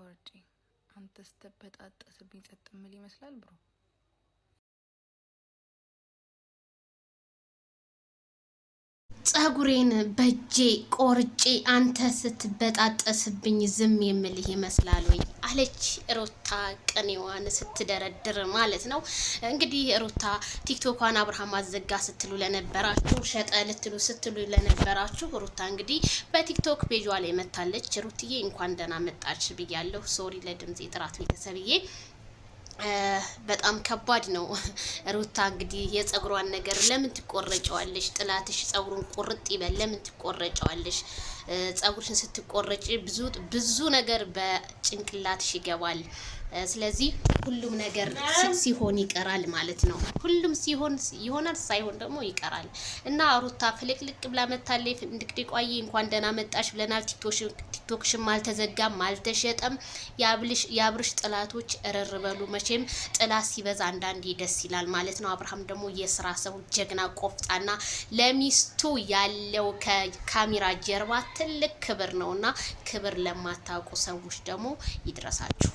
ቆርጪ አንተስ ተበጣጠስብኝ ጸጥ ምል ይመስላል ብሮ ፀጉሬን በጄ ቆርጬ አንተ ስትበጣጠስብኝ ዝም የምልህ ይመስላል ወይ? አለች ሩታ ቅኔዋን ስትደረድር ማለት ነው። እንግዲህ ሩታ ቲክቶኳን አብርሃም አዘጋ ስትሉ ለነበራችሁ፣ ሸጠ ልትሉ ስትሉ ለነበራችሁ ሩታ እንግዲህ በቲክቶክ ፔጇ ላይ መታለች። ሩትዬ እንኳን ደህና መጣች ብያለሁ። ሶሪ ለድምፅ ጥራት ቤተሰብዬ በጣም ከባድ ነው። ሩታ እንግዲህ የጸጉሯን ነገር ለምን ትቆረጨዋለሽ? ጥላትሽ ጸጉሩን ቁርጥ ይበል። ለምን ትቆረጨዋለሽ? ጸጉርሽን ስትቆረጭ ብዙ ብዙ ነገር በጭንቅላትሽ ይገባል። ስለዚህ ሁሉም ነገር ሲሆን ይቀራል ማለት ነው። ሁሉም ሲሆን ይሆናል፣ ሳይሆን ደግሞ ይቀራል እና ሩታ ፍልቅልቅ ብላ መታለ እንድቅድቋዬ እንኳን ደህና መጣሽ ብለናል። ቲክቶክሽም አልተዘጋም አልተሸጠም። የአብርሽ ጥላቶች እረር በሉ። መቼም ጥላ ሲበዛ አንዳንዴ ደስ ይላል ማለት ነው። አብርሃም ደግሞ የስራ ሰው ጀግና፣ ቆፍጣና ለሚስቱ ያለው ከካሜራ ጀርባ ትልቅ ክብር ነው እና ክብር ለማታውቁ ሰዎች ደግሞ ይድረሳችሁ።